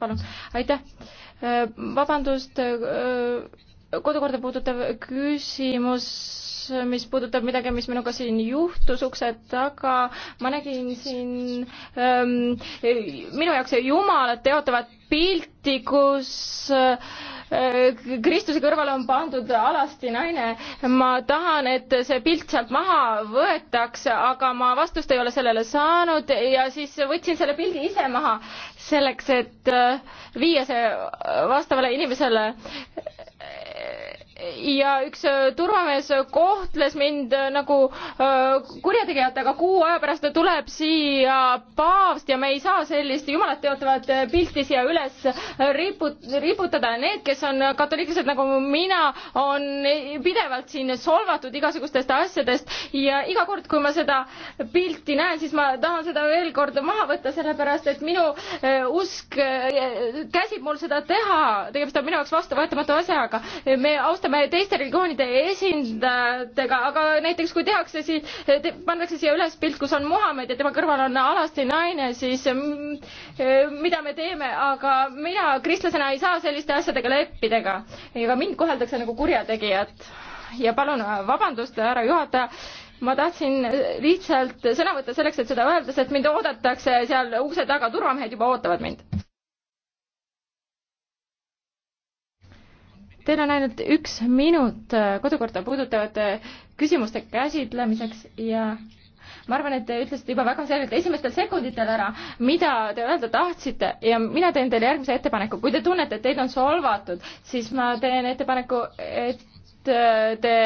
minutit, palun. aitäh. Äh, vabandust, äh, kodukorda puudutav küsimus, mis puudutab midagi, mis minuga siin juhtus ukse taga. ma nägin siin ähm, minu jaoks jumalat teotavat pilti, kus äh, Äh, Kristuse kõrvale on pandud alasti naine. ma tahan, et see pilt sealt maha võetaks, aga ma vastust ei ole sellele saanud ja siis võtsin selle pildi ise maha selleks, et äh, viia see äh, vastavale inimesele ja üks äh, turvamees kohtles mind äh, nagu äh, kurjategijat, aga kuu aja pärast tuleb siia paavst ja me ei saa sellist jumalat teotavat pilti siia üles riput-, riputada. Need, kes on katoliiklased nagu mina, on pidevalt siin solvatud igasugustest asjadest ja iga kord, kui ma seda pilti näen, siis ma tahan seda veel kord maha võtta, sellepärast et minu usk käsib mul seda teha. tegemist on minu jaoks vastuvõetamatu asjaga. me austame me teiste religioonide esindajatega, aga näiteks kui tehakse siis te,, pannakse siia üles pilt, kus on Muhamed ja tema kõrval on alasti naine, siis mm, eh, mida me teeme, aga mina kristlasena ei saa selliste asjadega leppida ega, ega mind koheldakse nagu kurjategijat. ja palun vabandust, härra juhataja ma tahtsin lihtsalt sõna võtta selleks, et seda öeldes, et mind oodatakse seal ukse taga, turvamehed juba ootavad mind Teil on ainult üks minut äh, kodukorda puudutavate küsimuste käsitlemiseks ja ma arvan, et te ütlesite juba väga selgelt esimestel sekunditel ära, mida te öelda tahtsite ja mina teen teile järgmise ettepaneku. kui te tunnete, et teid on solvatud, siis ma teen ettepaneku, et äh, te